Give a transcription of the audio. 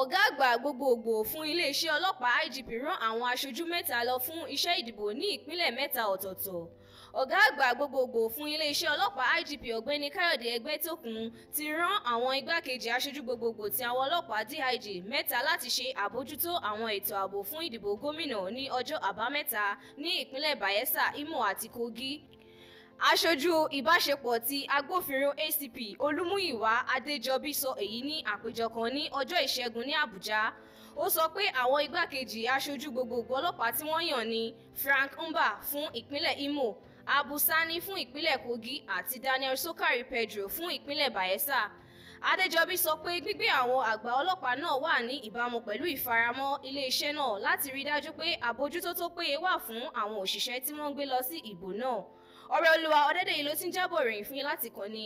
ọ̀gá àgbà gbogbogbò fún iléeṣẹ́ ọlọ́pàá IGP rán àwọn aṣojú mẹ́ta lọ fún iṣẹ́ ìdìbò ní ìpínlẹ̀ mẹ́ta ọ̀tọ̀ọ̀tọ̀ ọ̀gá àgbà gbogbogbò fún iléeṣẹ́ ọlọ́pàá IGP ọ̀gbẹ́ni káyọ̀dé ẹgbẹ́tókun ti rán àwọn igbákejì aṣojú gbogbogbò ti àwọn ọlọ́pàá DIG mẹ́ta láti ṣe àbójútó àwọn ètò ààbò fún ìdìbò gómìnà ní ọjọ́ àbámẹ́ta ní ìpínlẹ̀ Bayelsa Imo àti Kogi aṣojú ìbáṣepọ̀ ti agbófinró ACP olúmúyìwá adéjọbí sọ èyí ní àpéjọ kan ní ọjọ́ ìṣẹ́gun ní àbújá ó sọ pé àwọn igbákejì aṣojú gbogbogbò ọlọ́pàá tí wọ́n yàn ni frank mba fún ìpínlẹ̀ imo abusani fún ìpínlẹ̀ kogi àti daniel sokari pedro fún ìpínlẹ̀ bayelsa adéjọbí sọ pé gbígbé àwọn àgbà ọlọ́pàá náà wà ní ìbámu pẹ̀lú ìfaramọ́ iléeṣẹ́ náà láti rí dájú pé àbójútó tó péye wà fún àwọn òṣìṣẹ́ tí wọ́n gbé lọ sí ìbò náà ọ̀rọ̀ olúwa ọ̀dẹ́dẹ̀yìn ló ti ń jábọ̀ ròyìn fún yín láti kàn ní